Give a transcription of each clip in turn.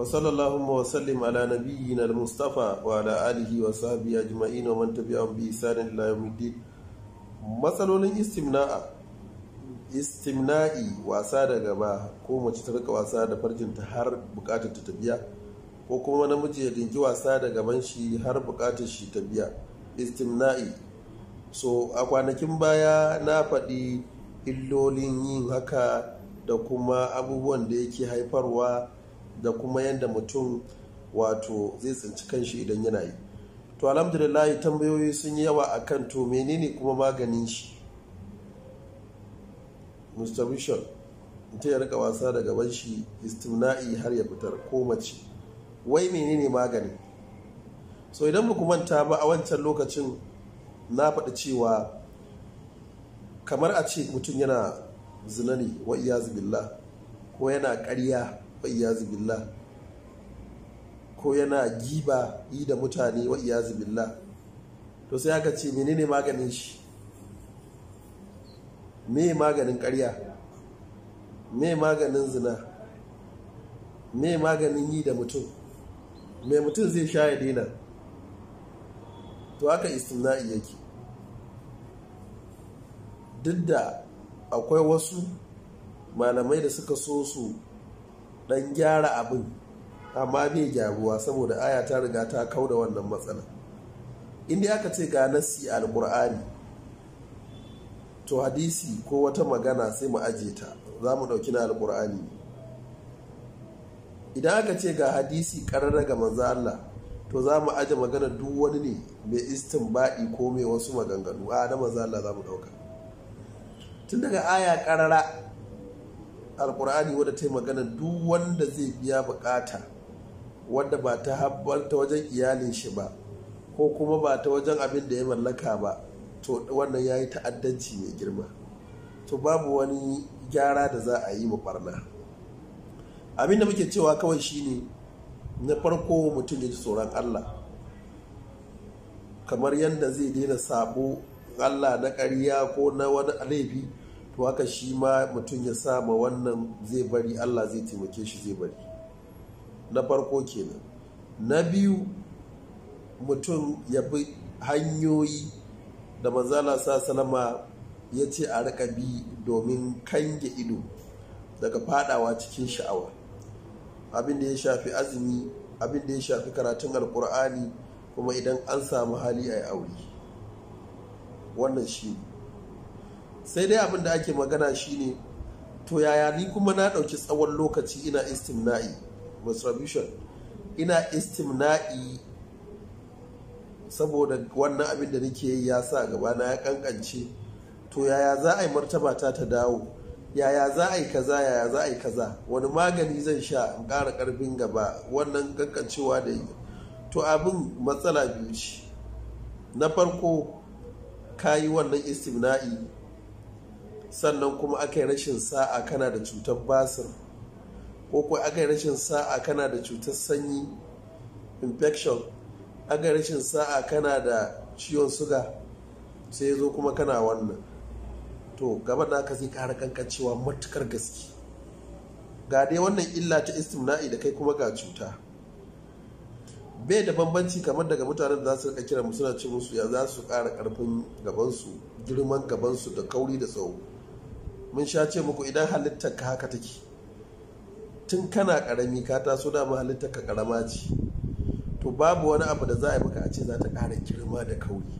وصلى اللهم وسلم على نبينا المصطفى وعلى آله وصحبه أجمعين ومن تبعهم بإحسان biyu يوم الدين matsalolin istimna'a istimna'i wasa da gaba ko mace ta rika wasa da farjinta har bukatar ta biya ko kuma namiji ya dinki wasa da gaban shi har bukatar shi ta biya istimna'i so a kwanakin baya na faɗi illolin yin haka da kuma abubuwan da yake haifarwa da kuma yadda mutum wato zai tsinci kan shi idan yana yi to alhamdulillah tambayoyi sun yi yawa akan to menene kuma maganin shi mr bishop ta ya rika wasa da gaban shi istimna'i har ya fitar ko mace wai menene magani so idan ba manta ba a wancan lokacin na faɗi cewa kamar a ce mutum yana zinani wa iya zubillah ko yana ƙarya wa'iyyazu billah ko yana giba yi da mutane wa'iyyazu billah to sai aka ce menene maganin shi me maganin karya me maganin zina me maganin yi da mutum me mutum zai sha ya daina to haka istimna'i yake duk da akwai wasu malamai da suka so su dan gyara abin amma bai gyaruwa saboda aya ta riga ta kau da wannan matsala inda aka ce ga nasi alkur'ani to hadisi ko wata magana sai mu aje ta za mu ɗauki na alkur'ani idan aka ce ga hadisi karar ga manzo Allah to za mu aje magana duk wani ne mai istin baɗi ko mai wasu maganganu a na manzo Allah za mu ɗauka tun daga aya ƙarara alkur'ani wadda ta yi magana duk wanda zai biya bukata wadda ba ta habbalta wajen iyalin shi ba ko kuma ba ta wajen abin da ya mallaka ba to wannan ya yi ta'addanci mai girma to babu wani gyara da za a yi mu barna abin da muke cewa kawai shine na farko mutum ya ji tsoron allah kamar yadda zai daina sabo allah na ƙarya ko na wani laifi to haka shi ma mutum ya ma wannan zai bari allah zai taimake shi zai bari na farko kenan na biyu mutum ya bi hanyoyi da manzala sa salama ya ce a rika bi domin kange ido daga fadawa cikin sha'awa abin da ya shafi azumi abin da ya shafi karatun alkur'ani kuma idan an samu hali a yi aure wannan shi ne sai dai abin da ake magana shine to yaya ni kuma na ɗauki tsawon lokaci ina istimna'i retribution ina istimna'i saboda wannan abin da nake yi ya sa gabana ya kankance to yaya za a yi martaba ta ta dawo yaya za a yi kaza yaya za a yi kaza wani magani zan sha in ƙara ƙarfin gaba wannan kankancewa da yi to abin matsala biyu ce na farko ka yi wannan istimna'i sannan kuma aka yi rashin sa'a kana da cutar basir ko kuwa aka yi rashin sa'a kana da cutar sanyi infection aka yi rashin sa'a kana da ciwon suga sai ya zo kuma kana wannan to gaba da haka zai kara kankan cewa matukar gaske ga dai wannan illa ta istimna'i da kai kuma ga cuta bai da bambanci kamar daga mutanen da za su rika kira mu suna ce musu ya za su kara karfin gabansu girman gabansu da kauri da tsawo mun sha ce muku idan halittar ka haka take tun kana karami ka taso dama halittar ka karama ce to babu wani abu da za a yi maka a ce za ta ƙara girma da kauri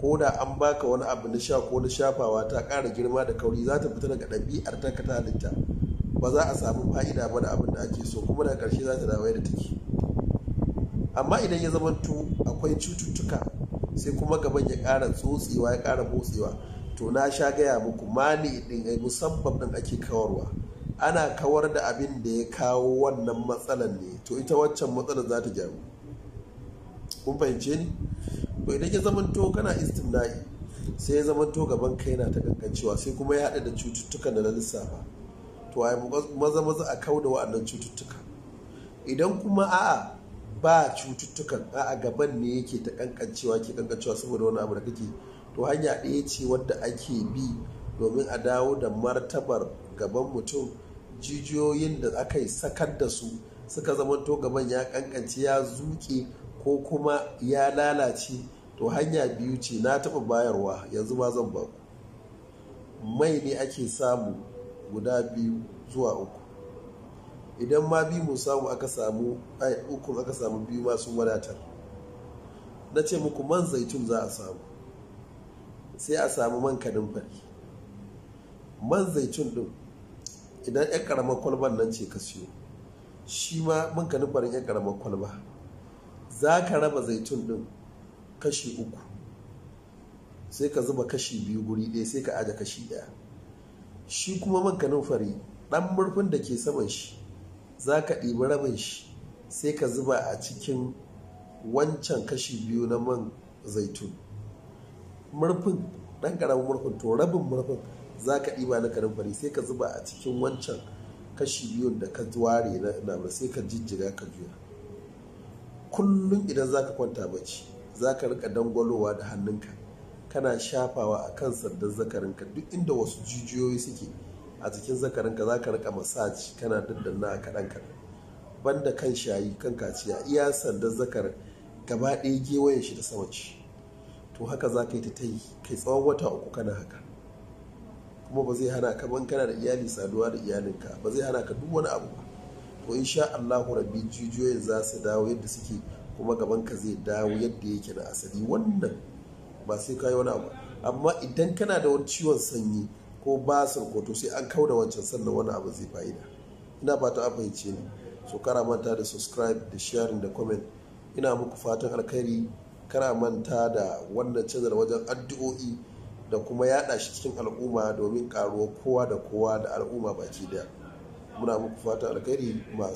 ko da an baka wani abu na sha ko na shafawa ta ƙara girma da kauri za ta fita daga ɗabi'ar ta ka ta halitta ba za a samu fa'ida ba da abin da ake so kuma daga ƙarshe za ta dawo da take amma idan ya zama akwai cututtuka sai kuma gaban ya ƙara tsotsewa ya ƙara motsewa to na sha gaya muku mani din ai eh, musabbab din ake kawarwa ana kawar da abin da ya kawo wannan matsalan ne to ita waccan matsalar za ta jawo kun fahimce ni to idan ya zamanto kana istimna'i sai ya zamanto gaban kai na ta gangancewa sai kuma ya haɗa da cututtukan da na lissafa to ai maza maza a kau da wa'annan cututtuka idan kuma a'a ba cututtukan a gaban ne yake ta kankancewa ke kankancewa saboda wani abu da kake to hanya ɗaya ce wadda ake bi domin a dawo da martabar gaban mutum jijiyoyin da aka yi sakar da su suka zamanto gaban ya kankance ya zuke ko kuma ya lalace to hanya biyu ce na taɓa bayarwa yanzu ma zan baku mai ne ake samu guda biyu zuwa uku idan ma bi mu samu aka samu ai uku aka samu biyu ma sun wadatar na ce muku man zaitun za a samu sai a samu man kadin fari man zaitun din idan yan karamar kwalban nan ce ka siyo shi ma man kadin farin yan karamar kwalba za ka raba zaitun din kashi uku sai ka zuba kashi biyu guri ɗaya sai ka aje kashi ɗaya shi kuma man kadin fari ɗan murfin da ke saman shi za ka ɗibi rabin shi sai ka zuba a cikin wancan kashi biyu na man zaitun murfin ɗan ƙaramin murfin to rabin murfin za ka ɗiba na fari sai ka zuba a cikin wancan kashi biyu da ka ware na nama sai ka jijjiga ka juya kullum idan za ka kwanta bacci za ka rika dangwalowa da hannunka kana shafawa a kan sandan zakarinka duk inda wasu jijiyoyi suke a cikin zakarinka za ka rika masaji kana a kaɗan kaɗan banda kan shayi kan kaciya iya sandan zakar gaba ɗaya gewayen shi da sama ci to haka za ka yi ta yi kai tsawon wata uku kana haka kuma ba zai hana ka ban kana da iyali saduwa da iyalinka ba zai hana ka duk wani abu to insha Allahu rabbi jijiyoyin za su dawo yadda suke kuma gaban ka zai dawo yadda yake na asali wannan ba sai ka yi wani abu amma idan kana da wani ciwon sanyi ko ba ko sai an kauda wancan sannan wani abu zai fa'ida ina fata a fahimce ni so kara manta da subscribe da sharing da comment ina muku fatan alkhairi kara manta da wannan canzar wajen addu'o'i da kuma yada shi cikin al'umma domin karuwa kowa da kowa da al'umma baki daya muna muku fatan alkhairi ma